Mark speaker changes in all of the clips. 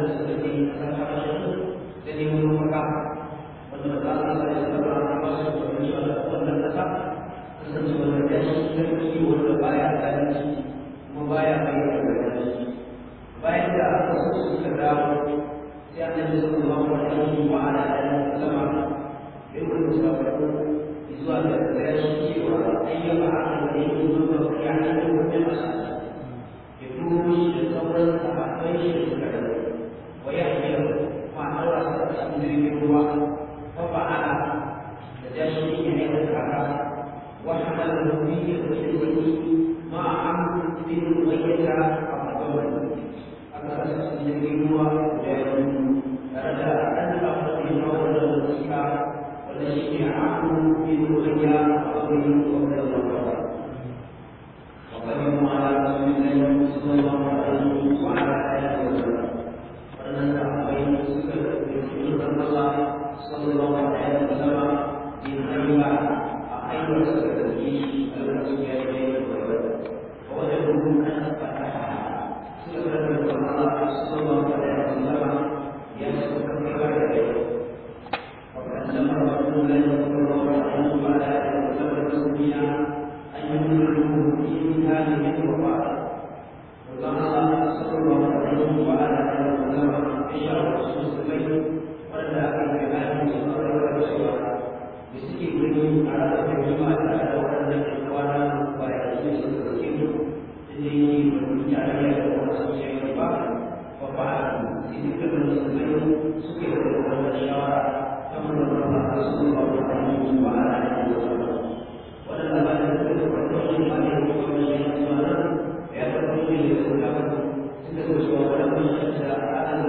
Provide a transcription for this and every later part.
Speaker 1: wanda suka fi nasara da su da ne mun maka wanda ba za a sai da ba a ba su da shi da wannan kasa kasance wanda ya shi da shi wanda baya zalunci kuma baya bayyana zalunci bayan da aka so suka dawo sai annabi sallallahu alaihi wa ala alihi wa sallam bai wani sabon zuwa ga zalunci cewa ayyuka a da yake zuwa هو وقع تجاشيا يتحرك وحمله في الحلوة مع عمرو بن أمية الرجل أخرجه النبي وجاهد فرجع أن أخرج الرجل الأصحاب والذي عمرو بن أمية الرجل وقد وقد على رسول الله صلى الله عليه وعلى صلى الله عليه وسلم بنعيم أقل التسبيح التي هي بين الغربة ووجدهم أن فتحها سورة القرآن صلى الله عليه وسلم يسوع كبر يديه وقد سمى رسول الله صلى الله عليه وسلم سميا أن يملكوه في هذه القرآن وقال صلى الله عليه وسلم عشر رسول الله pada akhir hari seorang lagi suara. Di sisi ini orang yang berkuasa pada ini seperti itu. Jadi mencari orang yang berbah, berbah. Ini kebenaran itu suci orang yang suara. dapat langsung bawa orang yang berbah dan berbah. Pada itu pertolongan pada orang yang suara. Ya pertolongan itu dapat. Sebab suara yang suara ada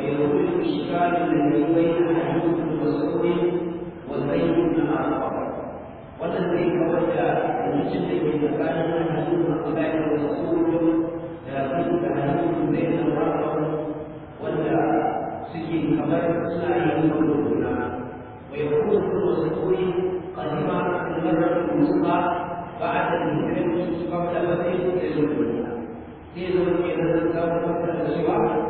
Speaker 1: فيوجد الشكال الذي بين حدود المسؤول والبيت الاخر والذي توجه ان يجد بين كان حدود القبائل والرسول لكن حدود بين الرقم ولا سجن كبائر اصلاحه قلوبنا
Speaker 2: ويكون كل مسؤول قد مات المره الوسطى بعد الهجره قبل بدء تزوجها
Speaker 1: في زوجها تزوجها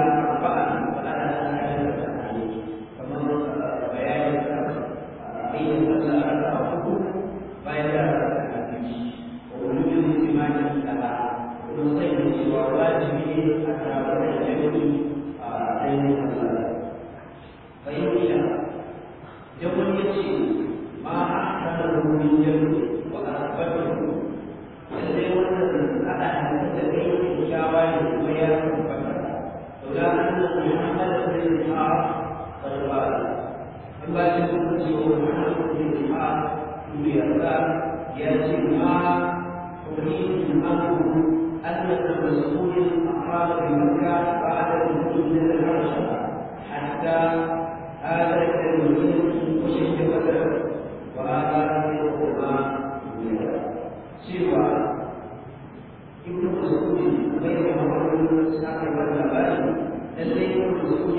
Speaker 1: واجب تجب بها بها يجبها تحيط المرء أن مسؤول أراد بمكة بعد الخروج من حتى آتت المدينة وشد بدرا وهذا يقربان منها
Speaker 2: سوى ابن مسعود بينه وبين سعد بن عباس الذي ابن مسعود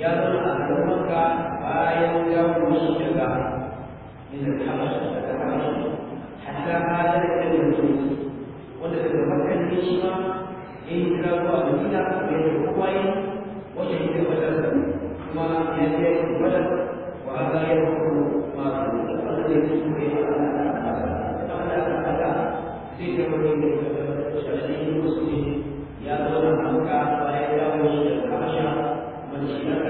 Speaker 1: ya zama a garin makka bayan ya kuma daga min al-habash hatta halar wanda daga shi ma ya yi kira zuwa madina da ya yi wacce ya yi wajen kuma ya yi wajen wa ya yi da ya yi ya yi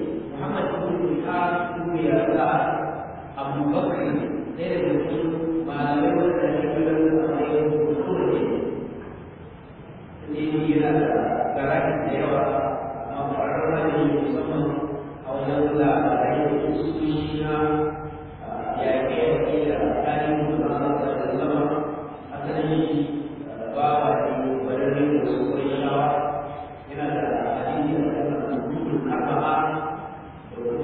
Speaker 1: Muhammad bin Musa bin Yahya Abu Bakr dari Abu Malik dari Abu Bakr ini dia darah dewa Abu Musa Allah dari Musa
Speaker 2: Bapak, Ibu, Bapak, Ibu, Bapak, Ibu, Bapak, Ibu, Bapak, Ibu,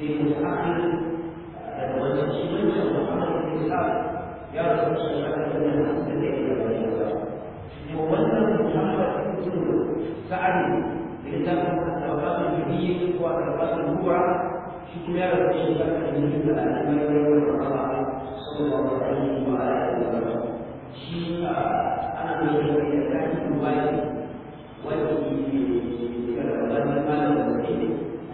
Speaker 1: بمتعقل والمسلم يصدق على الانسان يرى الشفاعة أنها تدعي إلى الإنسان وولد محمد كله سعد لتفهم الأوقات الجديد والأوقات الجوع في كلاب الشفاعة من جملة الأمانة والرقابة صلى الله عليه وعلى آله وسلم شيء أنا من الذي أتاك المبايع والذي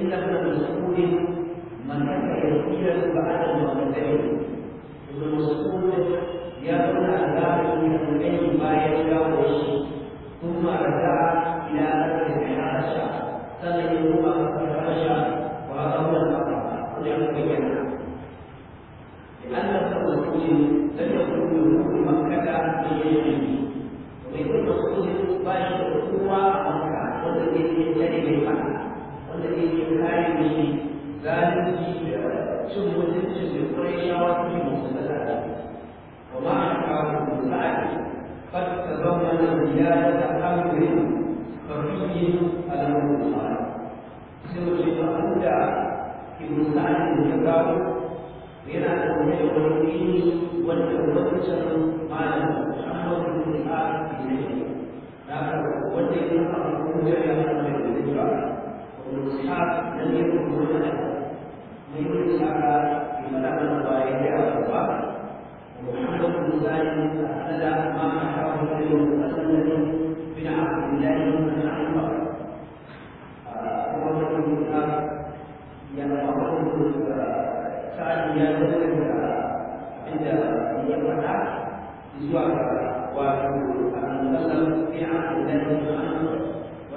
Speaker 1: istilah dalam sepuluh mereka yang tidak berada di mata ini. Dalam sepuluh yang pernah ada yang menjadi bayar jauh, cuma ada tidak ada yang rasa. Tanah yang rumah yang rasa, walau dalam apa yang begini. Di antara sepuluh ini, saya perlu mengatakan begini. Mengikut sepuluh itu banyak semua orang boleh menjadi berapa. الذي في خارجه لا تنسي سمو تنسي قريش وفي مختلفات ومع الحاكم البعد قد تضمن زيادة أمر فرعي الأمر الخارج سوى أنت ابن سعد بن yana da wani wani wanda wancan malam Muhammad bin Ali ne
Speaker 2: da wanda ya fara kuma ya fara da Menurut dan dia menggunakan Menurut sihat di mana menerbaik dia berubah
Speaker 1: Menurut kudusan adalah Maha syarah yang belum tersebut Bina aku menjadi menerbaik ah, Orang yang menerbaik yang mahu itu saat ah, dia berada pada dia berada ah, di suatu waktu dalam keadaan dan dalam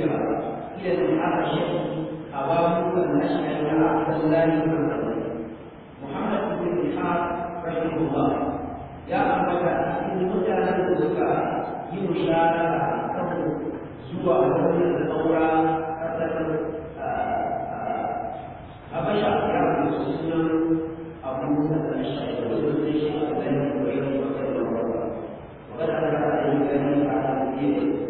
Speaker 1: cewa ila da aka shi
Speaker 2: a babu kan nashi a yana a sallari kan sabon muhammad ibn ishaq rahimahullah ya ambata a cikin mutanen da suka yi mushara
Speaker 1: kan zuwa wajen da saura kasar sunan
Speaker 2: abu musa a a
Speaker 1: cikin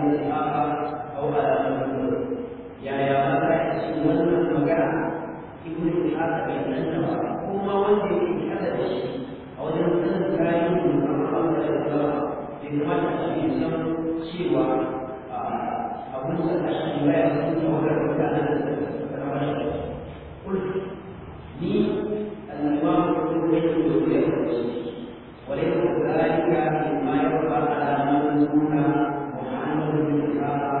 Speaker 1: yaya ba za a cikin magana ibn ishaq ba kuma a wajen
Speaker 2: a shi ba
Speaker 1: ya san cewa da mutanen da ni da ya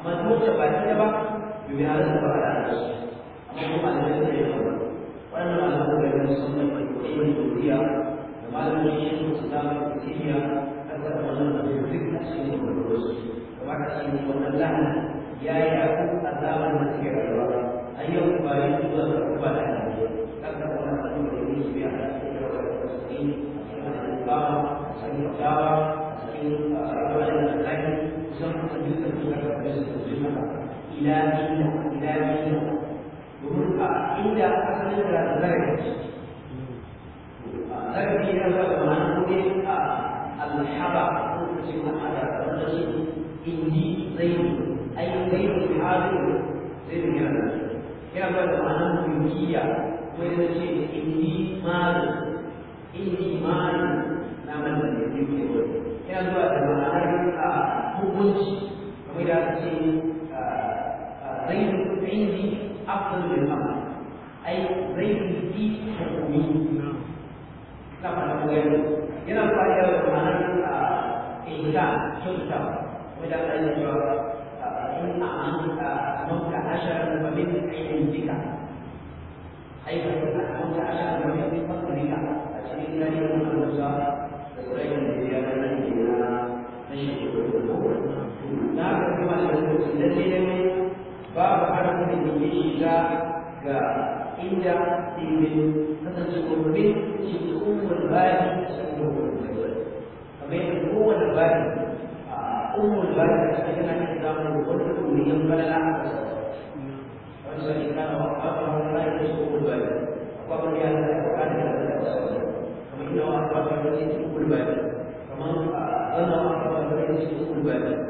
Speaker 2: amma duk da ba ta ba bai bi halin ba da da su amma kuma da ne da yawa wannan al'amari da sun da mai koyi da duniya da malamin shi ne
Speaker 1: su da duniya har da wannan da bai duk shi ne da su kuma ka shi wannan lahan ya yi aku azaban da suke rayuwa a yau ba yi zuwa da kuma da ne kan da wannan al'amari da ne ya halin da yawa da su ila ila ila ila domin a inda da zarafi
Speaker 2: zarafi a alhaba ko kace
Speaker 1: ce na da da زيد عندي أفضل من الأمر أي زيد في حكمي كما نقول إذا قال معنى آه، إنسان شرطة وإذا قال آه، إن أعنت أموت عشرا فمن عندك
Speaker 2: أي فإن أموت عشرا فمن فضلك أشهد أن لا إله إلا الله وإن الزيادة من
Speaker 1: نشهد الأول لا تكتب على الذين babu harafin da ya ga inda ilmin kasance gurbin shi umar bayan sun kamar yadda kowane bayan umar bayan da suka gana da zamanin wani kuriyan balala a kasa wani sani kana wa kafa wani bayan da su umar bayan akwai wani ya zai kafa da ya zai kafa kamar yana wa kafa da ya zai kafa kamar zama wa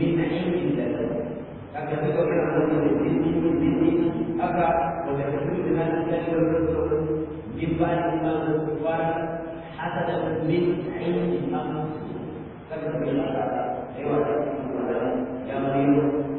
Speaker 1: بدعي جدا أكا تدعو من عمل الدين الدين أكا ويحسن لمن كشف الرزق جبال إمام الكفار حسدا من عند يا مريم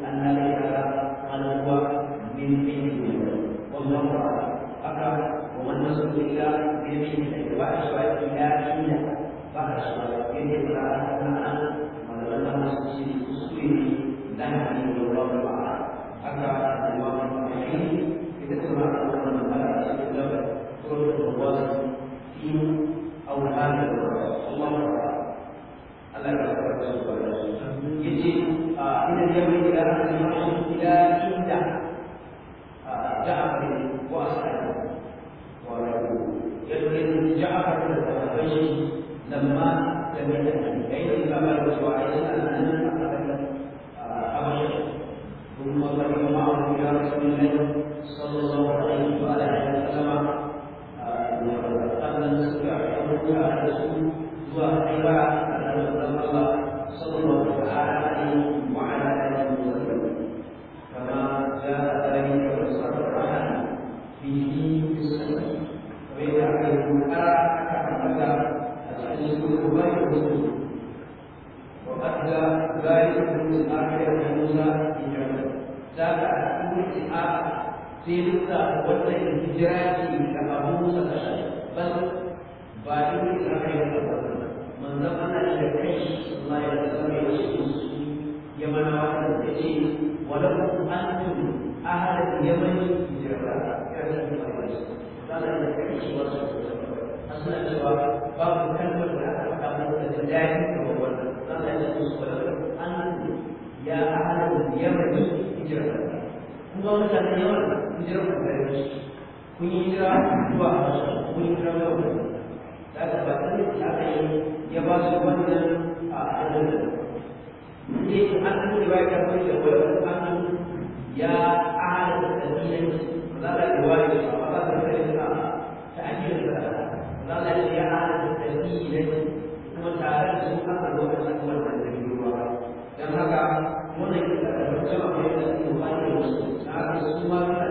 Speaker 1: hijirar manzanni kun yi hijira zuwa habasha kun yi hijira zuwa wani da aka ba sani da aka yi ya ba wannan a hannun da ne ba ya da ya da da da haka wannan kisa da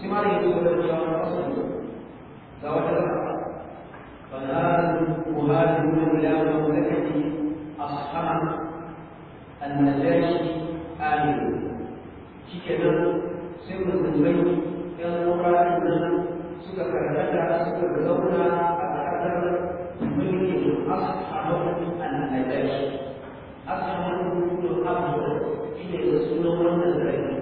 Speaker 1: Semari itu berjalan pasal Ashabul Najashi, Ashabul Abdul, ini adalah semua orang yang berani.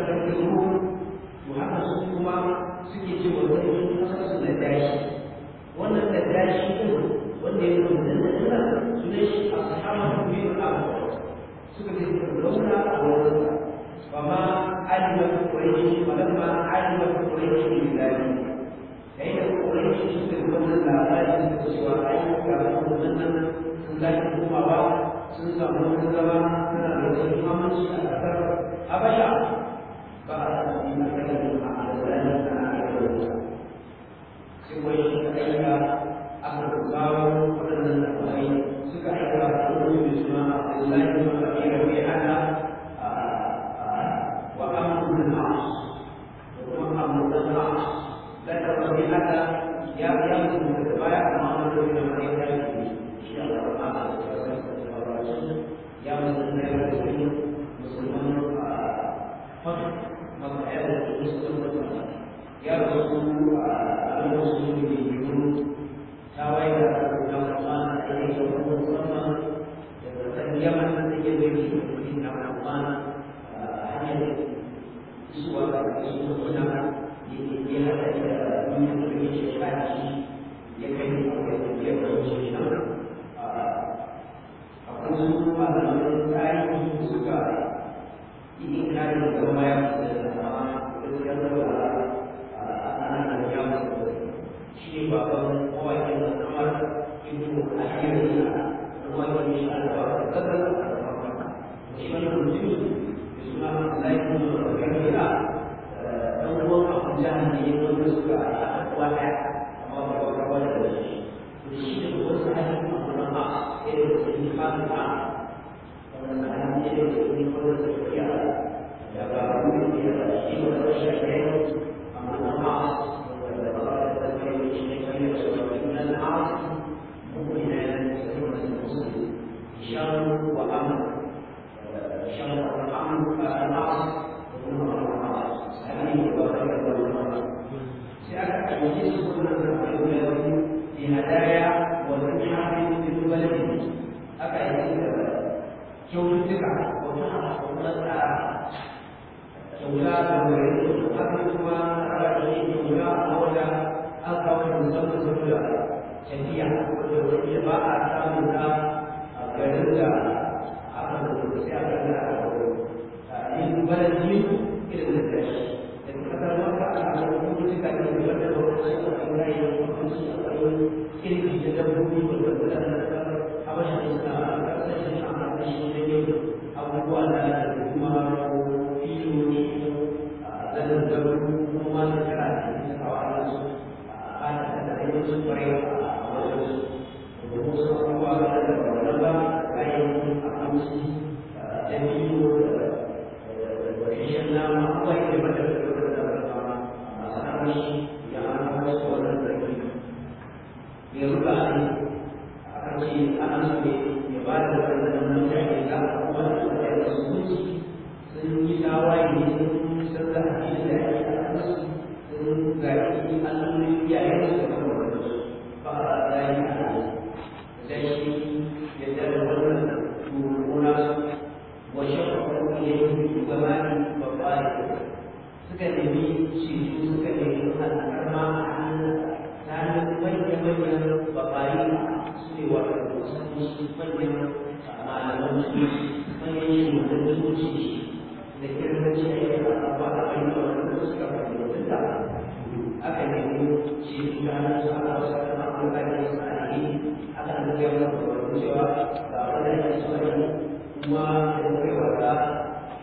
Speaker 2: gashi wannan da gashi din wanda ya zama da nuna suna shi a sahabar biyu
Speaker 1: a suka ce suka zauna a wurin ba ma alimar kureshi ba ma alimar kureshi ne gari yi da kureshi suka yi wannan labarin da cewa ayyuka da nan sun zaki komawa sun samu wani zama suna da wani mamanci a ƙasar habasha ba a samu ina ganin ma'adalan da ake wani aika aka kawo waɗannan labarai suka haɗa da wani mai suna Abdullahi bin Abi Rabi'a
Speaker 2: wa Amr bin Al-As da kuma Amr bin Al-As da kuma Rabi'a ya ya mutum da baya amma an zo da wani ya yi shi
Speaker 1: da Allah ya mutum da ya yi musulman fasu maka ya da ya rasu Gracias. suka nemi ceto suka nemi al'arma a hannun ta hannun manya-manyan babari su ne wata musulunci manyan malaman musulunci manyan shugaban musulunci da kirkanci a yi al'arma a bayyana wanda suka fahimta da aka nemi ceto ta hannun su ana wasu kama an gane su a ne aka nemi cewa ga wani da su a yi kuma da kaiwa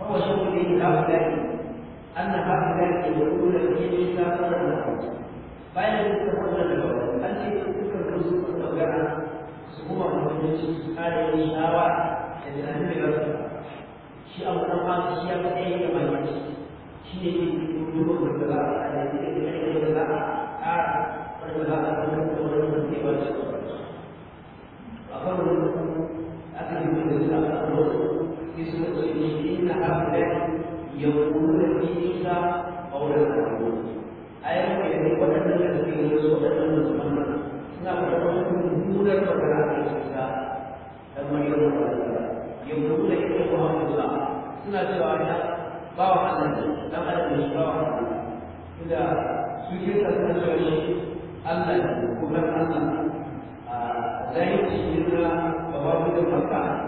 Speaker 2: فهو شر به هؤلاء أن
Speaker 1: هؤلاء يقولون فيه كافرا لهم فأين يتقون لهم أن تلك الرسل وجعل سبوع المجلس هذه الإشارة إلى أن يعرف شيء أو أنقاض الشيء فأي كما يعرف شيء يقولون بالبلاء الذي يدعي إلى البلاء أعرف والبلاء أنه يقولون في وجهه
Speaker 2: وقولوا أكلوا من الإسلام في سورة المسلمين هؤلاء يقولون في عيسى قولا معروفا ayar da ne waɗannan da
Speaker 1: suke yi su waɗannan da kuma suna faɗa wasu mummunar magana a cikin da dan mariyar magana yanzu da yake muhammadu suna cewa ya ba wa annabi dan adam ne ba wa annabi inda su ke suna cewa shi Allah ne kuma Allah a zai ci ne ba da maka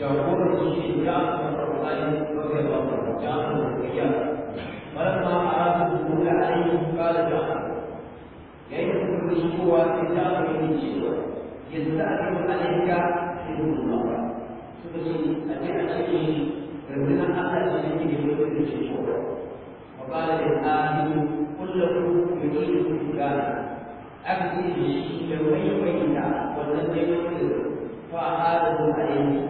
Speaker 1: يقول فيه جعفر بن علي رضي الله عنه جعفر بن فلما اراد الدخول عليه قال جعفر يئس من الشكوى كتاب من الشكوى يستأذن عليك حلول المرأة تبكي أتي أشكي فمن أخذ شيء يقول الشكوى وقال للآمن كلكم يدلكم فلانا أكفي به يومين وينا والذي يقدر فأعاده عليه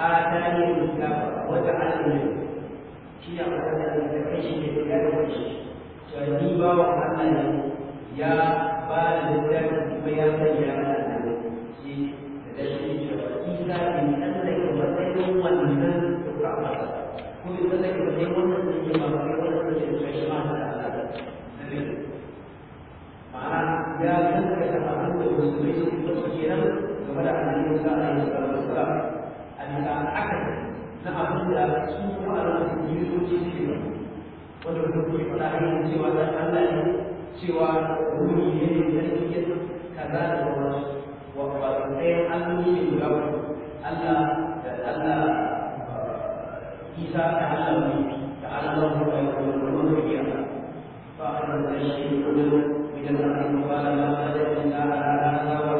Speaker 1: آتاني المكافأة وجعلني شيء أحسن من تكشف بكافأة فنيبا وحمل يا بال الدم ويا سجى على في تدشين شرعيسى من أنك وسيم ومن تقرأ كل ذلك وسيم ومن تقرأ ومن تقرأ ma'ana ya san ka tafi da musulmai su kuma kiran game da annabi Musa alaihi salatu daga na abin da su ma'anar kiristoci suke ba wanda kuma kuma faɗa hanyar cewa dan Allah ne cewa wuri ne ne sarki ya kaza da sauransu wato ɗayan alloli ne guda uku Allah da Allah
Speaker 2: Isa ta Allah ne ta Allah ne da Allah ne da Allah
Speaker 1: فأخذ الشيء من الأموال ya تجد إلا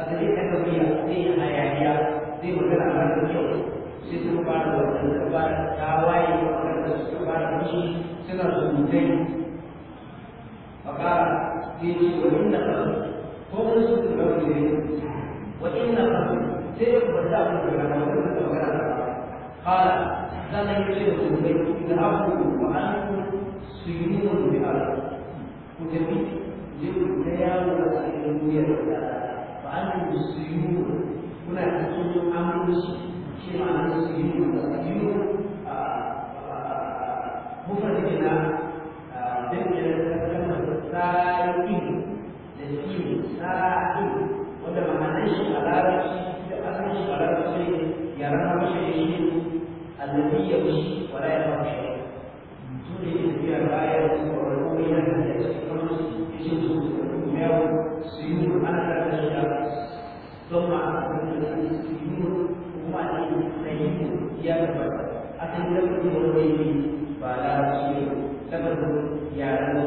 Speaker 1: அது கேட்க முடியாது நீ ஐடியா நீ உடனே அமர்ந்து சிசுபாட சிசுபாட காவாய் சிசுபாட நீ சில சுந்தே فقال في وإن قبل فوق سوق القبر وإن قبل سير بدأت قال كان يشرك البيت ذهبت وأنتم سيمون بأرض وتبيت لكل يوم سيمون بأرض ada muslimun kuna da sunan amurusu shi ma na muslimun da tsakiyu a mufar gina a dangin kasar da tsarin da ciwo tsarin wanda mahanin shi a larabci da asalin shi a larabci ya rana mashi da shi annabi ya mashi wala ya mashi su ne biyar bayan su lafazin wani ba larabci ne lafazin yaren da ne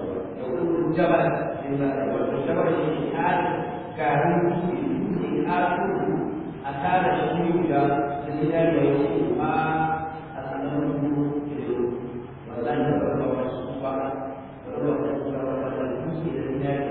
Speaker 1: ucapan dimana ucapan jihad kami di aku asal dari muda sendiri dari rumah Yeah.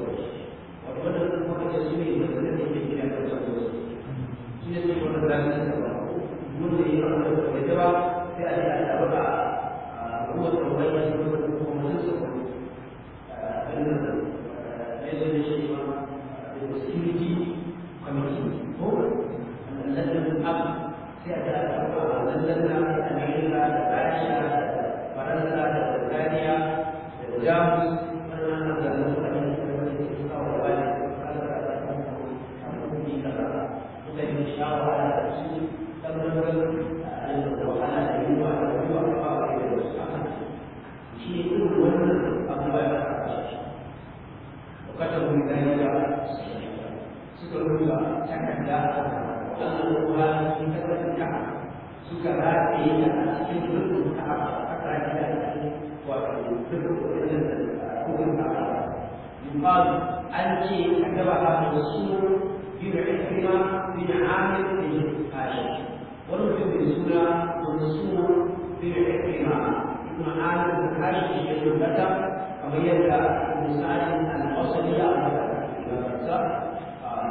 Speaker 1: Yeah. وأنظرها في كثرة الكعب سكها في أسكن ملك الكعب حتى كذلك وفرق كفر الكعب يقال أنت كتبها الرسول بن عكرمة بن عامر بن هاشم ونكتب الرسول والرسول بن عكرمة بن عامر بن هاشم بن بكر وهي المساعد الوصلية على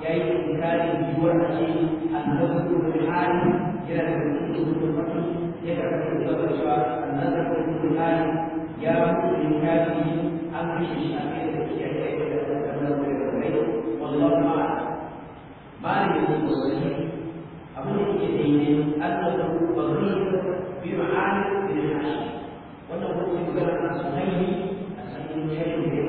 Speaker 1: ya yi inkarin yiwuwar a ce annabi kullu hali yana da kullu kullu fatu ya karɓi da cewa annabi kullu hali ya mutu inkari an kashe shi a kai da kiyar da ya da annabi kullu hali wallahu ma'ana
Speaker 2: ba ne da kullu ke daidai annabi kullu bi ma'ana bi ma'ana wannan hukunci magana a sunayi a sanin yayin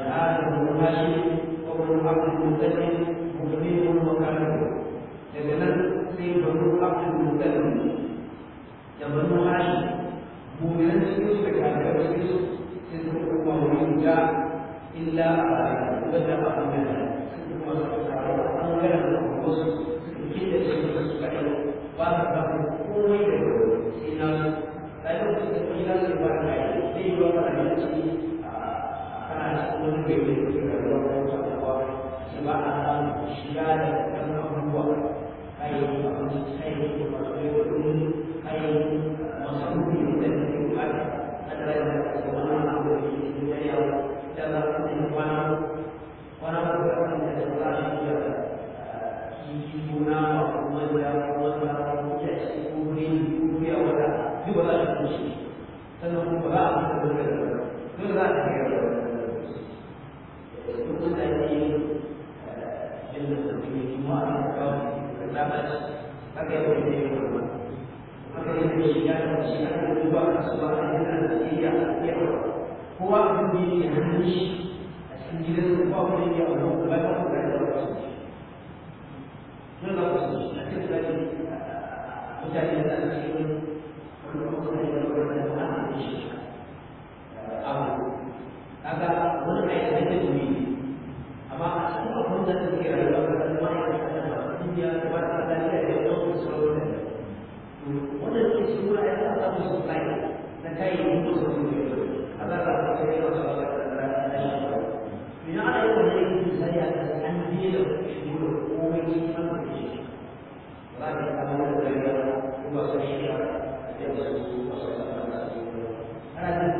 Speaker 1: هذا هو الناس قبل العقد المنتهي مبرر وكافر إذن في بنو العقد المنتهي يا بنو هاشم مؤمنا يصبح هذا الرئيس سيدنا الله يرجع إلا بدا أمنا Thank
Speaker 2: you. Allah memberi kepada orang yang sebab Allah
Speaker 1: syiada dan membuat kain yang saya kepada orang ini kain masuk di dalam tempat adalah semua orang di dunia yang dalam tempat orang orang yang dalam tempat yang di mana
Speaker 2: Agak, bukan ayat itu sendiri.
Speaker 1: Apa, apa pun tak terkira dalam dukiya da ba ta lafiya da yawan sauran
Speaker 2: da wanda suke na kai da mutu da mutu da a da na da
Speaker 1: shi yi wani aiki misali da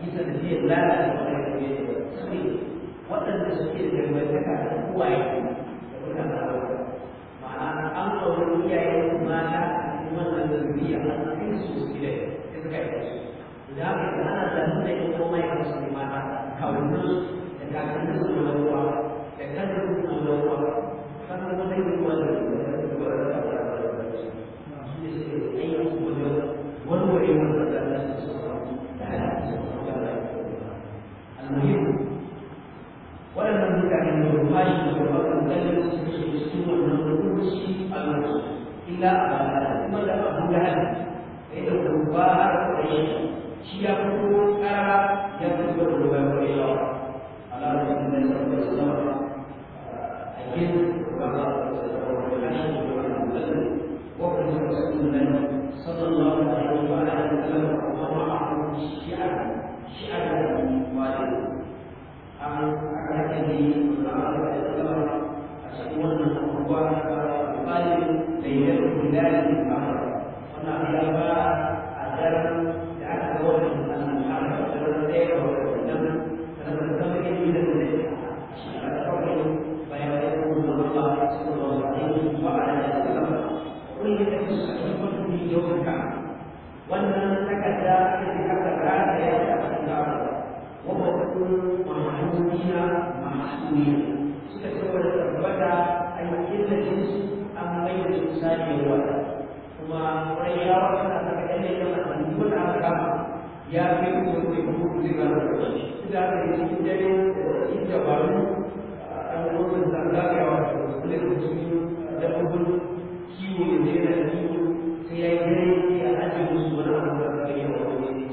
Speaker 1: yi sanadiyar lalata wani rage da su waɗanda suke da dangantaka da uwaye da kuka zaɓa ma'ana an ɗaukar iyayen mata wannan zuriya an kai su gida ya suka yi su da haka da ana zaɓa da yin komai a su mata kawunan da kakannin su da ruwa da kakannin su da ruwa menyerupai kekuatan dari sesuatu yang berfungsi agar tidak ada kemudahan kemudahan itu berubah oleh siapa pun cara yang berubah oleh Allah Allah yang menjadikan kita
Speaker 2: ajar
Speaker 1: kepada Thank you. wannan ya ba suka da tabbata a yi killacin su an mai da su saniyar wata kuma wani ya wata na saka ɗan da yawan an nuna haka ya fi kuma kai kuma kuma zai gano da wani da aka yi cikin dare in dabaru a lokacin zagayawa da wasu da su da ɗaukun kiwo da zai na kiwo sai ya yi dare sai a ajiye musu wani abu da aka yi wa wani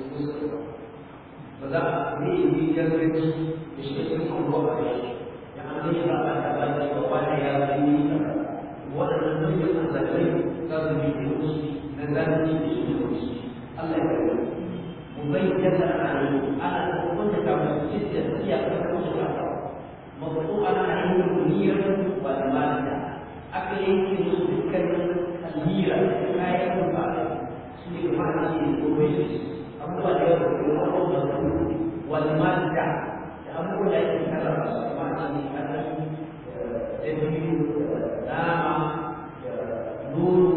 Speaker 1: ba za a ne yi gangaci da shi da kuma ba a yi da Thank you. da nama da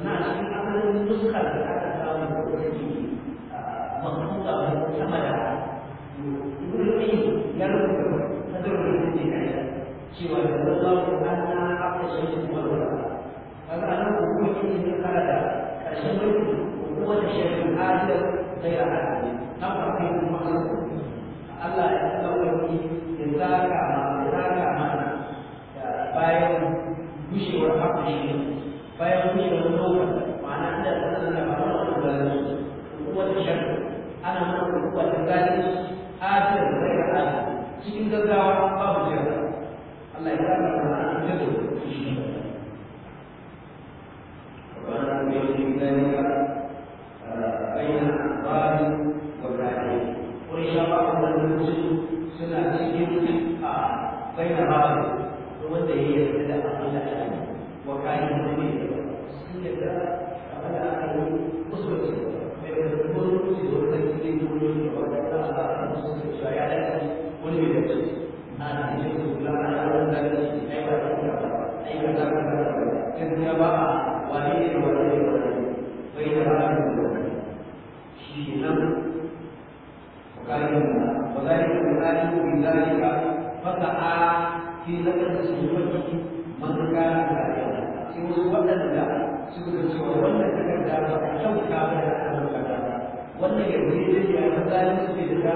Speaker 1: amma a cikin asalin nuskar da aka samu da wani makamta mai sama da wurin ya rubuta nazarin da ke kai cewa da zama ko ana aka shi da wani kaga anan hukumin ne kara da
Speaker 2: ƙarshen mulki hukumar da shirin adil bai a hali kuma Allah ya tsawaki ya zaka ma ya zaka mana
Speaker 1: bayan gushewar haka shi فيغني له نوما معنى أن أن مرض الغالي قوة الشر أنا من قوة الغالي آثر غير آثر cikin gaggawa babu jira Allah ya kama da ma'anar jiro shi ne وَأَنَا بِيَدِي ذَلِكَ بَيْنَ أَحْبَابِ وَبْرَائِهِ قُرِشَ بَعْضُ الْمُسْلِ سنة سيدي بين هذا وَمَنْ تَهِيَ إِلَى أَقْلَ أَنَا da a Thank you. masu gara da rayuwa sai wasu waɗanda suka ga cewa wannan takarda ba a kyauta ba da aka mallaka ba wannan yarda da ya ta zalin su ne da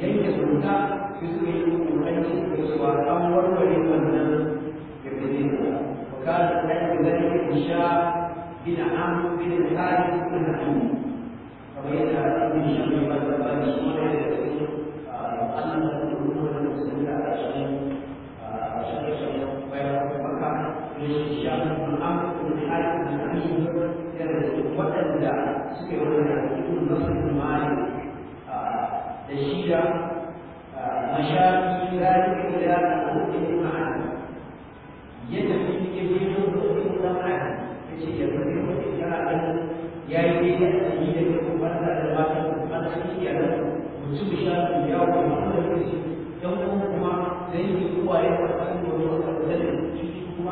Speaker 1: yanke zuta su suka yi kokarin da cewa an warware wannan yarda da ah, ya وكان ذلك ذلك هشام بن عمرو بن الحارث بن عمرو وبين ابن شمي والزباني وغير ذلك ان تكون المسلمين على شيء الشيخ بن عمرو waɗanda suke wadanda da shi da mashafi zalika da hukm bin ma'an ya ce ya bari wani da ya yi da yi da kuma da da da da da kuma yi kuwa ya fara da wani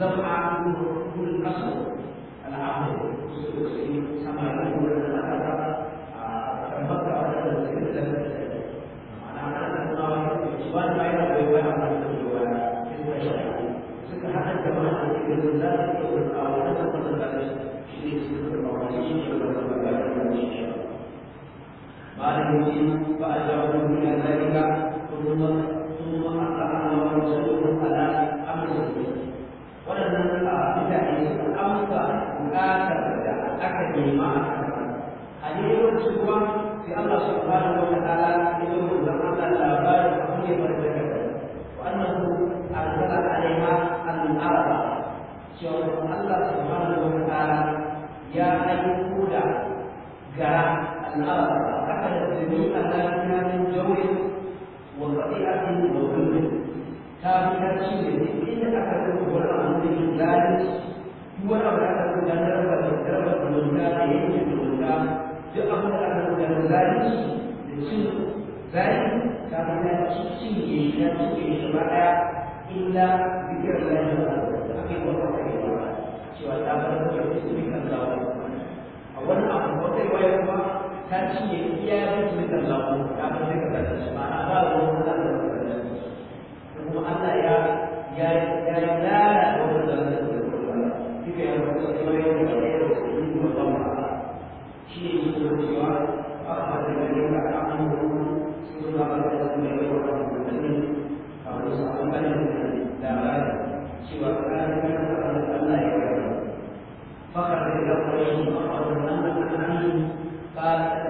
Speaker 1: زرع منه كل الأصل العقل sama ada dua kata-kata terbaca Walaupun tidak ini Al-Qamsah Tidak terjadi Akademi Hanya itu semua Si Allah subhanahu wa Itu menggunakan Al-Abar Kami berbeda Wa'anahu Al-Qamsah Al-Qamsah Al-Qamsah Syawal Allah subhanahu wa ta'ala Ya ayu kuda Garam Al-Qamsah Akan terjadi kafirci ne duk inda aka rufe wani abu da ke zalunci duk wani abu da aka rufe na raba da raba zumunta da yanke zumunta duk abu da aka rufe na zalunci da cin zalunci ya ci cin ya shi ya ci ya shi ba ɗaya illa bikir zalunci da ake wata kai ba ta bar kuma iya ta anda yang yang yang dah berusaha untuk berusaha, jika anda tidak berusaha untuk berusaha, siapa yang akan menerima kamu? Siapa yang akan menerima kamu? Kamu harus sampai di sini dan siapa yang akan menerima anda yang berusaha? Fakir yang berusaha untuk berusaha, kata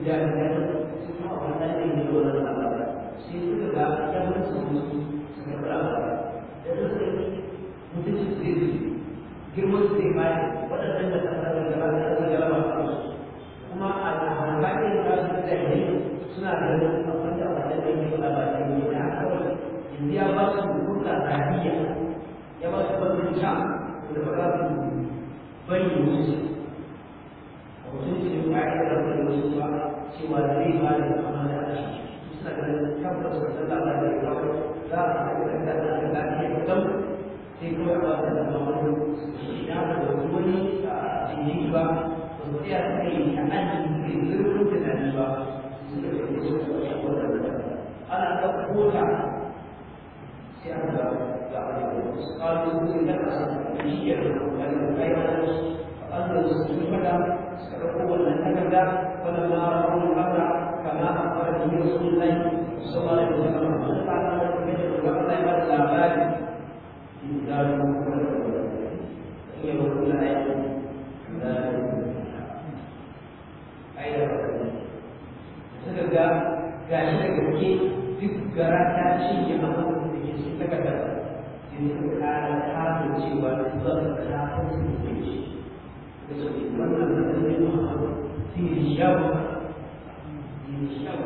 Speaker 1: dan semua orang tadi di luar dalam Situ juga yang bersungguh sangat berapa. Jadi seperti mungkin seperti ini. ini. Pada tanda tanda dalam jalan dalam jalan apa? Cuma ada hal lagi yang harus kita ini. Senarai dengan apa ada di dalam jalan ini. Ini apa? Ini apa? Bukan tadi ya. Banyak تقديم هذه الامانه على الشيخ مستقبلا كم تصل على ذلك لا اعتقد انها لكن الدور في كل عباره الموضوع استشهاد الوصول بالنسبه وفيها في تامل في ظل النسبه انا اقول في هذا قال يقول لك هي الغير فقال له سبحانه سعقوا ان نكذا فلما راوا الامر كما أخبر به رسول الله صلى الله عليه وسلم وقد تعالى ذلك وقد عباد الأعمال في دار المقبول هي كل آية ga gashi da gaske duk gara ta cinye masa da ke shi ta kasar sai suka kara kafin cewa za su kafin
Speaker 2: su da
Speaker 1: shi mai shan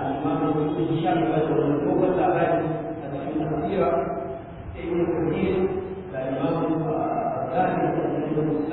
Speaker 2: wani shari'a shi ma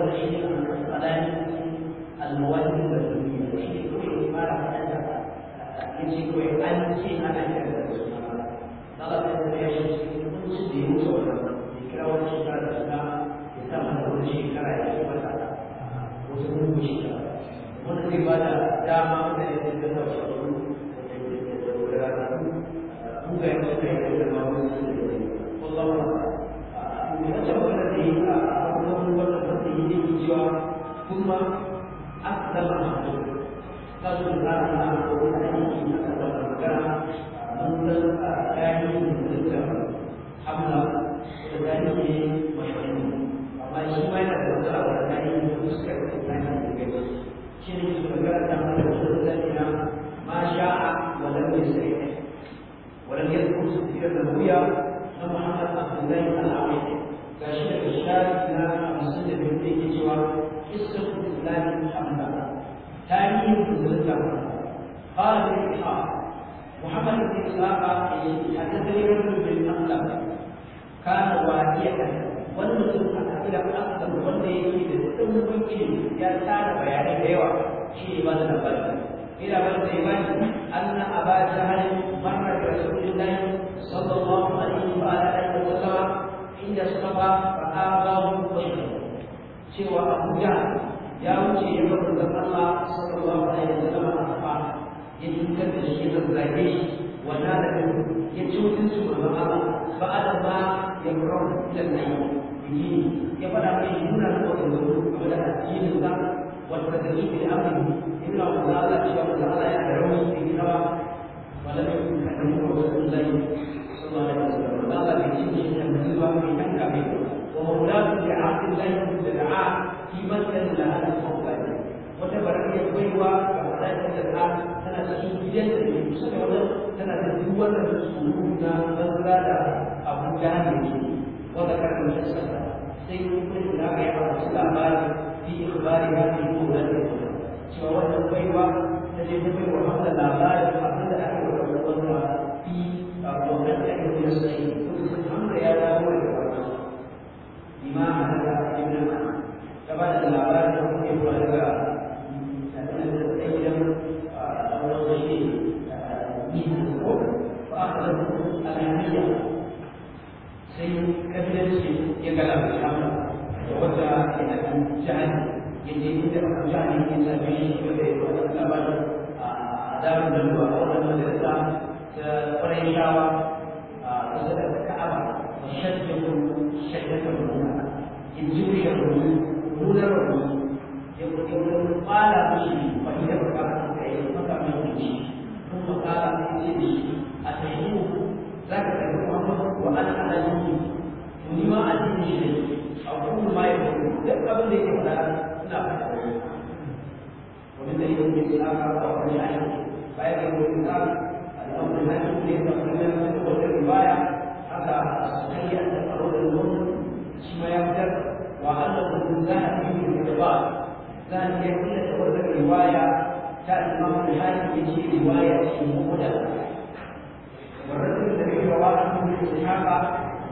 Speaker 1: هو شيء من الصلاة المواد والدنيا وشيء كل ما راح
Speaker 2: تنتهى يمشي كل أن شيء ما كان
Speaker 1: طلب أن يشوف كل شيء يوصل يكره الشيطان الأسماء يسمى كل شيء كره يسوع تعالى وسمو الشيطان wannan zai ba da dama da ya zai zama shi da wuri da wuri da wuri da wuri da wuri da wuri da wuri da wuri da wuri da wuri da wuri da wuri da wuri da wuri da wuri ثم أقدم المخلوق المخلوق أن من da wata abu da yi da fuskar da ta yi da gaba shi ne su kaga da mata
Speaker 2: da wa da tarihin musulunta
Speaker 1: قال ابن إسحاق محمد بن إسحاق حدثني رجل من أسلم كان واقيا wani mutum a kafin da kuma aka wanda ya yi da ɗumbin ya tsara bayanai da yawa shi ne ba da labarin ila wanda ya bani anna aba jahal marar rasulullahi sallallahu alaihi wa alihi wa sallam inda suka ba fa abahu cewa abu ya wuce ya ba da Allah sallallahu alaihi a fa ya dukkan da shi da zage shi wanda da ya cutar su ba ba ba da ba ya ron da na yi ya fada mai nuna da wannan abu da addinin sa wanda da shi da za a Allah shi wa Allah ya rawu shi ne ba wala ka da mu rasulullahi sallallahu alaihi wasallam Allah ya ce shi ne da ba mai tanka mai wa mawlana bi aqil lahi da في مثل لها الفوقات وتبرئ بيوا كملائكة الآن سنة سوريا سنة سنة دولة سوريا مزلة أبو جهل وذكر من السنة سيكون لاقي على الإسلام في إخبار هذه الأولى سواء بيوا تجد بيوا مثل الآباء أبدا أحد في أبو جهل يستحيل كل الأمر يا داود إمامنا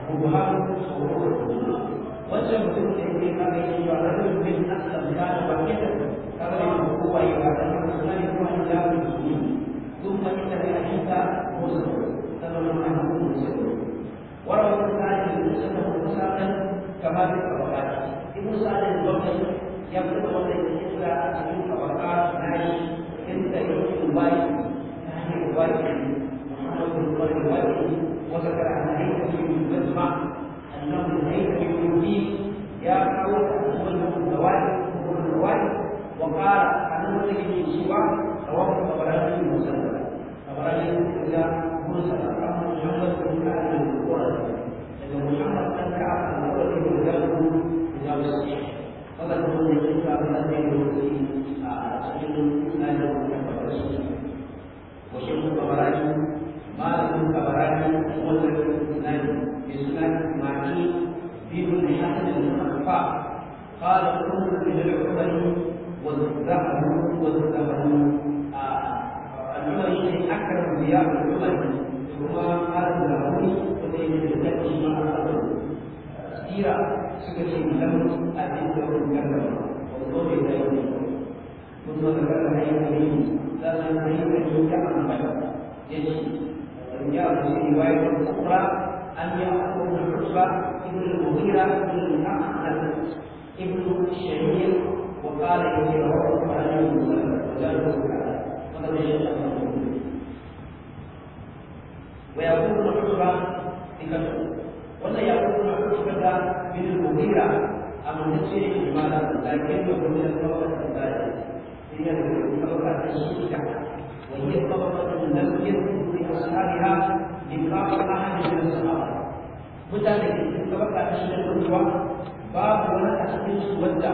Speaker 1: Tuhan seluruh dunia. Wajar untuk kami yang ada di dunia dan di dalam bahagia. Kalau yang berkuah yang ada di dunia ini, Tuhan yang jauh di dunia. Tumpah kita di akhita, Musa. Kalau yang ada di dunia ini. Walaupun tadi, Musa dan Musa dan kembali ke Allah. Di Musa dan Musa, yang pertama dari kita, ini kawakar, nari, kita ini kembali. Nah, ini kembali. Kalau kembali kembali ini, وذكر عن هيثم بن مزمع انه هيثم بن يزيد يرفع انه الزواج الزواج وقال عن مالك بن سوى رواه الطبراني المسلم الطبراني إلى مسلم عن محمد بن كعب القرظي لأن محمد بن كعب القرظي رجاله رجال الصحيح
Speaker 2: فقد هو من كتاب الذي يؤتي
Speaker 1: سجن لا يؤتي وشيخ الطبراني قال ابن الطبراني غلة الاسنان بسنن اسماعيل بن الحسن الخفاء قال كل من العمري والزهر والزهر
Speaker 2: آه، العمري اكرم زياد العمري ثم قال الزهري وبين الذي مع الرجل
Speaker 1: سيره سكتي لم اجده مكلما والله لا يمكن ثم ذكر هيئه لا تنتهي ان يجعل بدر
Speaker 2: يجب Kemudian di riwayat Al-Qubra Al-Yakul Al-Qubra Ibn Al-Mughira Ibn Al-Mu'ad
Speaker 1: Ibn Al-Syair Wa Qala Ibn Al-Mu'ad Wa Qala
Speaker 2: Ibn Al-Mu'ad Wa Qala
Speaker 1: Ibn Al-Mu'ad Wa Yakul Al-Qubra
Speaker 2: Dikatu Wa Qala Yakul Al-Qubra Ibn Al-Mughira Amun Al-Syair Ibn Al-Mu'ad Dan Ibn Al-Mu'ad Dan Ibn Al-Mu'ad Dan Ibn Al-Mu'ad
Speaker 1: Dan وهي طبقة لم يكن لأصحابها لقاء mutane da baka shi da ruwa babu wani a cikin su wanda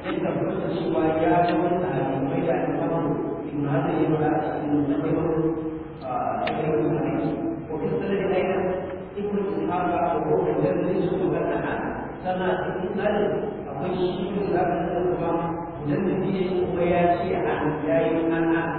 Speaker 1: ya tabbata cewa ya ji da imamu ibn hadar da aina ibn kuma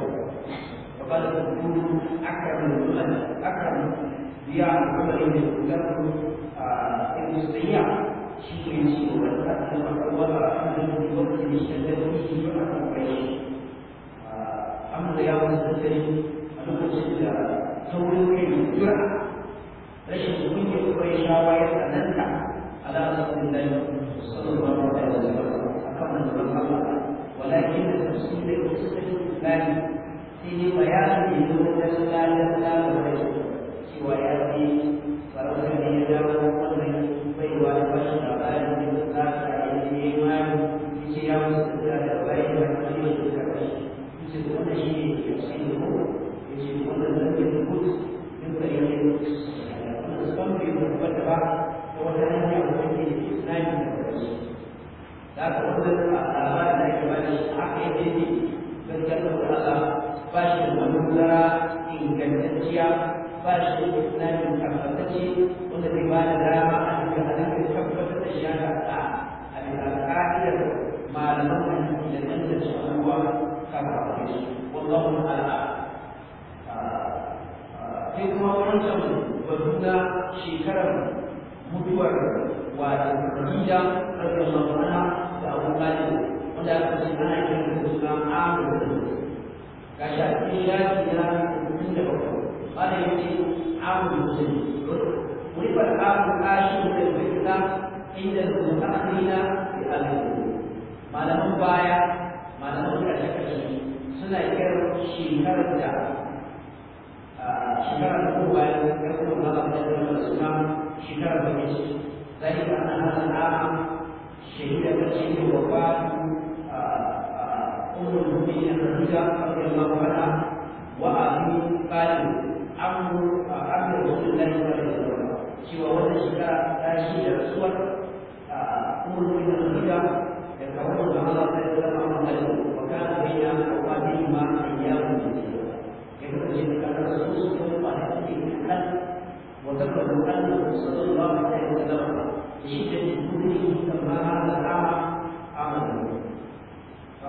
Speaker 1: بل تكون اكرم الولد اكرم dia kembali menunjukkan industria Sikir sikir berkat dengan Allah Alhamdulillah juga jenis dan jenis juga akan baik Alhamdulillah yang terjadi Anak bersila Saurin kayu juga Rashin punya kepada syawai dan tak Ada Alhamdulillah Sallallahu alaihi wa sallam Akan menurut Allah Walakin Rasulullah Sallallahu sai dai bayanin da ya zo dalla dalla ga cewa ya ce farautar da ya dawo wannan baiwa da bashi da ya tsaka ta ce ya mani ya ce ya musu da da bayan da ya ce ya tsaka shi ya ce wannan shi ne ya ce ya ko ya ce wannan zan yi rukut in ka yi rukut wannan zan bai tabbata ba ta wata hanya wanda ke da islami da kwanci da aka wannan a labarin da ya bada shi a kai daidai don ganin da Allah ba shi da manuna ingantacciya ba shi da islamin tabbatacce wanda zai ba da dama a cikin halittar tabbatar da shara a a bisa ka'idar malaman hadisi da nan da su abubuwa kama a wani su wallahu ta'ala sai kuma wancan batuna shekarar mutuwar wato Khadija radiyallahu anha da Abu aka gashi a cikin yaki na da bakwai ana yi ce amur musulmi kashi da rikita inda zuwa amina da alaƙa malaman baya malaman kashe-kashe suna kiran shekarar da ah, shekarar da kowa ya kuma mala da kuma suna shekarar da ke zai ana hana shahidar da cikin wafa umur bumi yang terbuka seperti Allah berkata, wa ahmi kalu aku aku rasul dari Allah. Jiwa wajah kita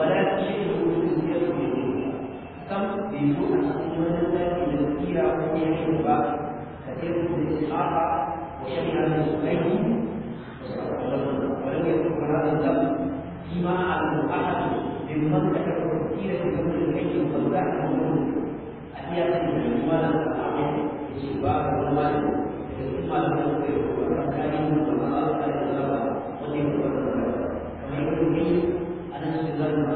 Speaker 1: Jadi, kita perlu berusaha untuk mengubah keadaan kita. al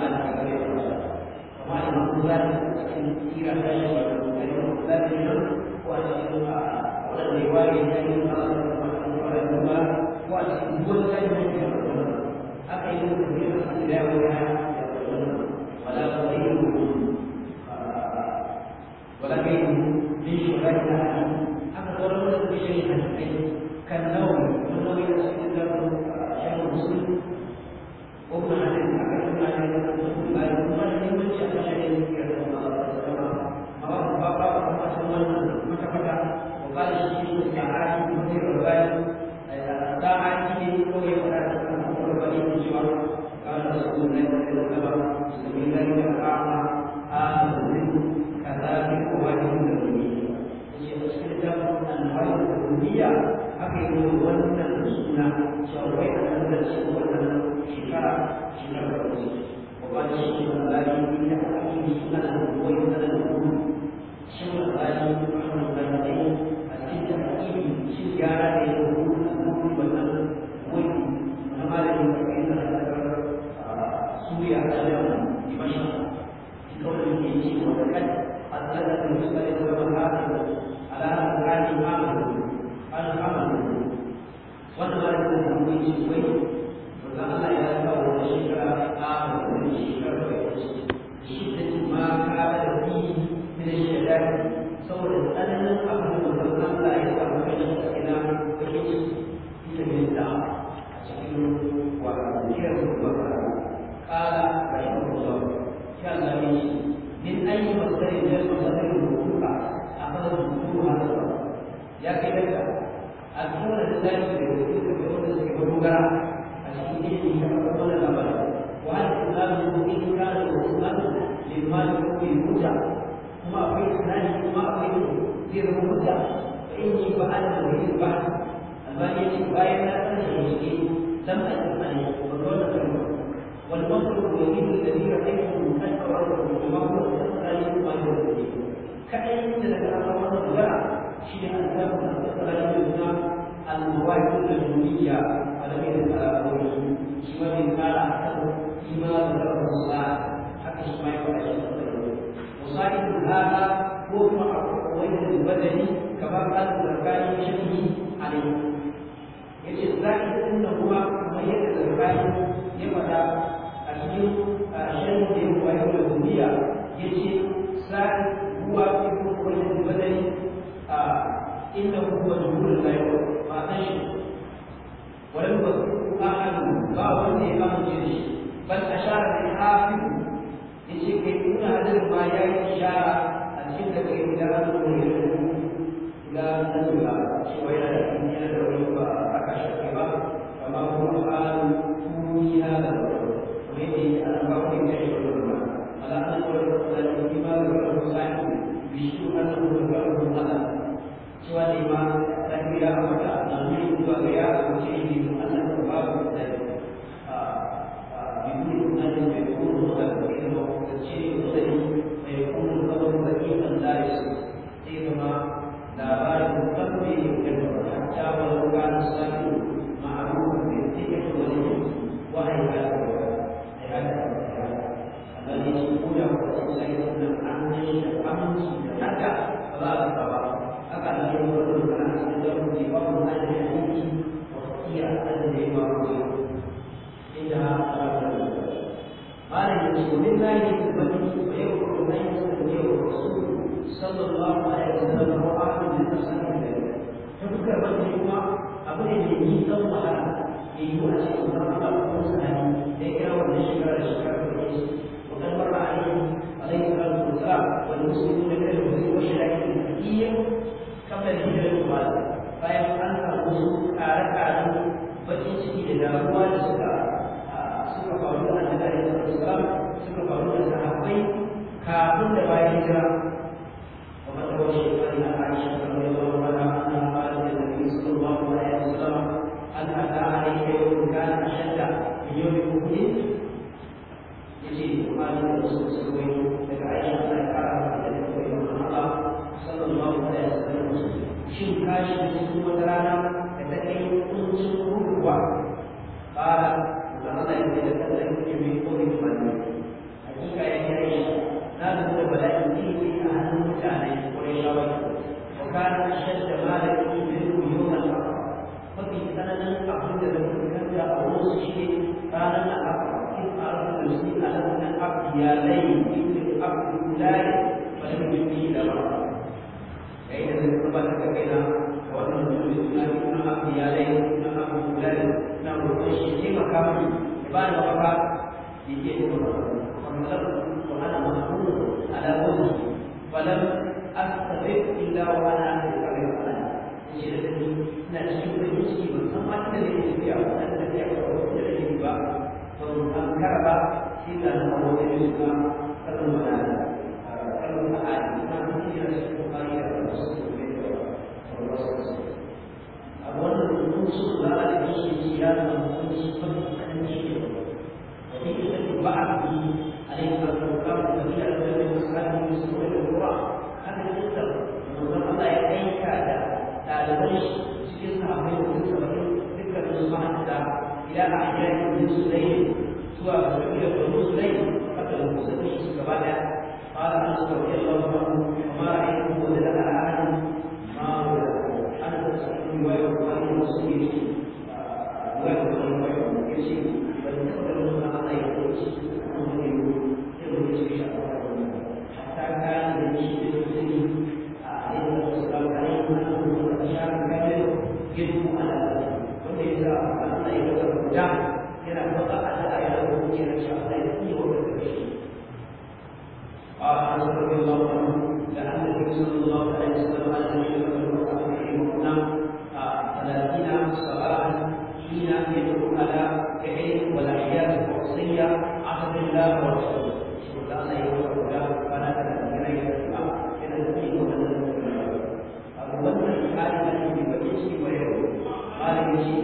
Speaker 1: Kemarin bulan kira-kira saya baru dari bulan puasa Tuhan. Oleh lewat yang saya ingin pada bulan puasa Tuhan saya ingin Apa itu kemudian tidak boleh pada bulan pada bulan di bulan
Speaker 2: ini. Apa kalau kita bisa ingin kenal menurut yang sudah saya muslim.
Speaker 1: Oh, mana yang sunnah seolah kita sudah disebutkan jika jika berusaha kepada sunnah lagi tidak lagi sunnah dan buah yang ada dalam umum sunnah lagi akan berlaku jika ini sejarah dari umum umum benar umum nama dari umum ini adalah suri atas dalam di masyarakat jika ada yang ingin mengatakan adalah dari sunnah yang berbahagia adalah berani mengatakan Alhamdulillah. wannan ba da ya sa a wannan shekara da wasu shi da ma ka da ni ya sa wa shekara ina da shi alhamdulillah da zai da suka ga wanda suke madogara a cikin ilimi ta farko wannan labarin wa al-islamu yuqinu kana al-islam liman yuqinu hujja kuma akwai islami kuma akwai zai zama hujja inni fa ana muhim ba albani ya ce bayan na san da yake lam al-islam wa dole ka والمطلب الوحيد الذي رأيته من أكبر الجمهور الإسرائيلي ما يوجد كأي من الأمر shi ne an zama da tsakarar suna al-mawaki da duniya a da mai da tsara shi wani kara a kan yawa
Speaker 2: da shi duniya ya ce inda kuma jumhurul layo ba san shi walam basuru ahadu ba wanda ya amince da
Speaker 1: shi bal ashara bil hafiz yace kai ina hadar ma yayi a cikin da kai da rasul da da da cikin Allah Subhanahu wa ta'ala yang kira kira ada ayat yang berbunyi dari syaitan yang tiur dari kami. Allah Subhanahu Wa Taala dan Rasulullah SAW yang berkata dalam kita salam kita yang ada kehidupan walaiyah kusyia asalnya Rasul. Sudah naik kepada pada pada mana kita kita tiur dari kami. Abu Bakar yang ada di bawah ini boleh. Ada di sini.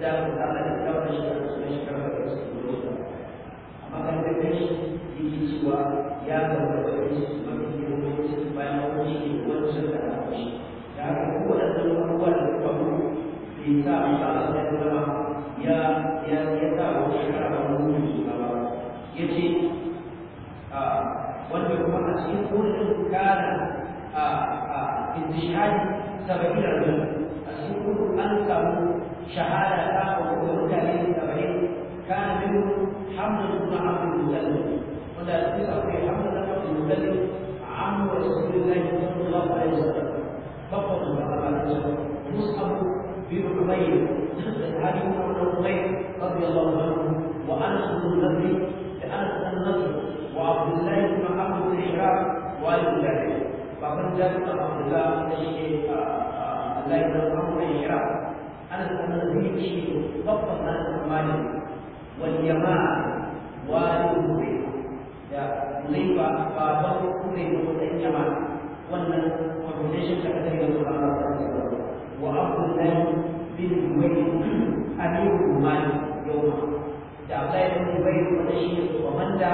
Speaker 1: da ba da ta ba shi da shi karfa da su ne amma kan da ya ga wani shi ne wani shi da ta shi zama ya ya ya sa wa shi karfa da mu ne ba a حديث ابي حمزه المبلغ عم رسول الله صلى الله عليه وسلم فقط مصعب بن عمير الصحابي بن عمير رضي الله عنه وانس بن نصر لانس بن نصر وعبد الله بن عمرو بن شهاب وابن جابر فمن جابر عبد الله بن الله بن عمرو بن شهاب انس بن نصر فقط انس بن مالك والجماعه والمبين da zai ba ba ko kuma ne ko dan jama wannan coordination da kake da Allah ta tsara wa Abdullah bin Ubayd amiru mali yawma da Abdullah bin Ubayd wanda shi ne komanda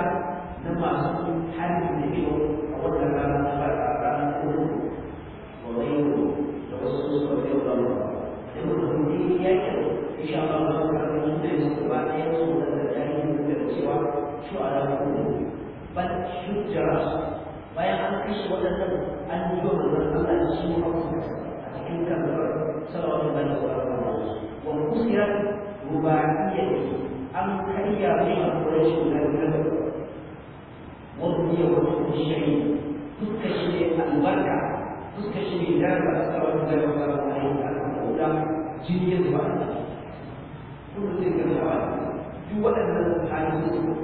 Speaker 1: na masu hali da biyo a wannan ranar ta farka ranar kudu wa bayu da wasu sauke da Allah da mutum ne ya yi insha Allah za mu karɓi da su ba ɗaya su da tarihin da cewa shu'ara kudu bal shujjara su bayan an kashe waɗannan an yi wa manzon Allah da su a cikin kalmar salawatu da na ƙwararra wa kusirar rubaiya ne an karya mai a ƙwarar shugaban gaba wani ya wani shari'a
Speaker 2: fuska shi ne albarka fuska shi ne dama na a
Speaker 1: cikin kuma zai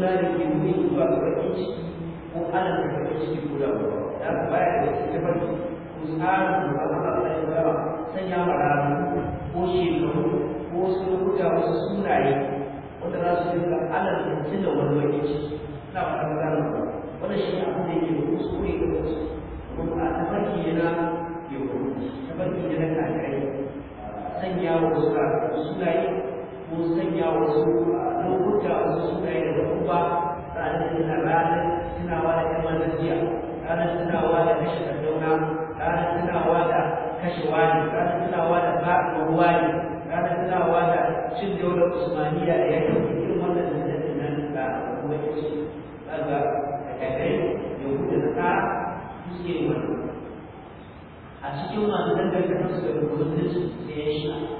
Speaker 1: misalin da zai zuwa ga ko ana da ko da ba da ko da ba a tsaye ba ko sunaye za su ana da tuna wani bakin ciki na ba ba wannan shi abin da yake a yana yana sunaye ko sanya wasu lokuta wasu suna yi da kuma ranar da ranar tunawa da yan mazajiya ranar tunawa da kashe tattauna ranar tunawa da kashe wani ranar tunawa da faɗin wani ranar tunawa da cin daular usmaniya da yake irin wannan zanzanin nan da kuma ya ce daga kai ya kuɗi da ta suke wannan
Speaker 2: a cikin masu dangantakar su da musulunci
Speaker 1: sai ya shi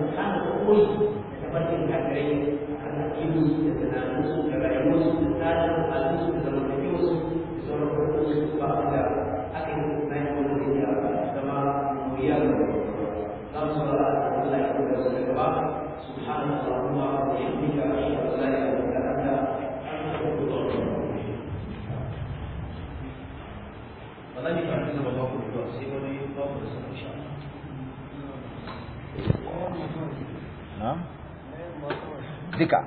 Speaker 1: tentang terus dapat dilihat dari anak ibu dengan musuh dengan musuh dan anak ibu dengan musuh seorang terus bahagia akhir naik menjadi apa sama mulia langsung Allah itu berserah kepada Subhanallah yang tiga Allah yang berada
Speaker 2: Allah di mana sebab aku berdoa
Speaker 1: sebab dia berdoa
Speaker 2: Dika.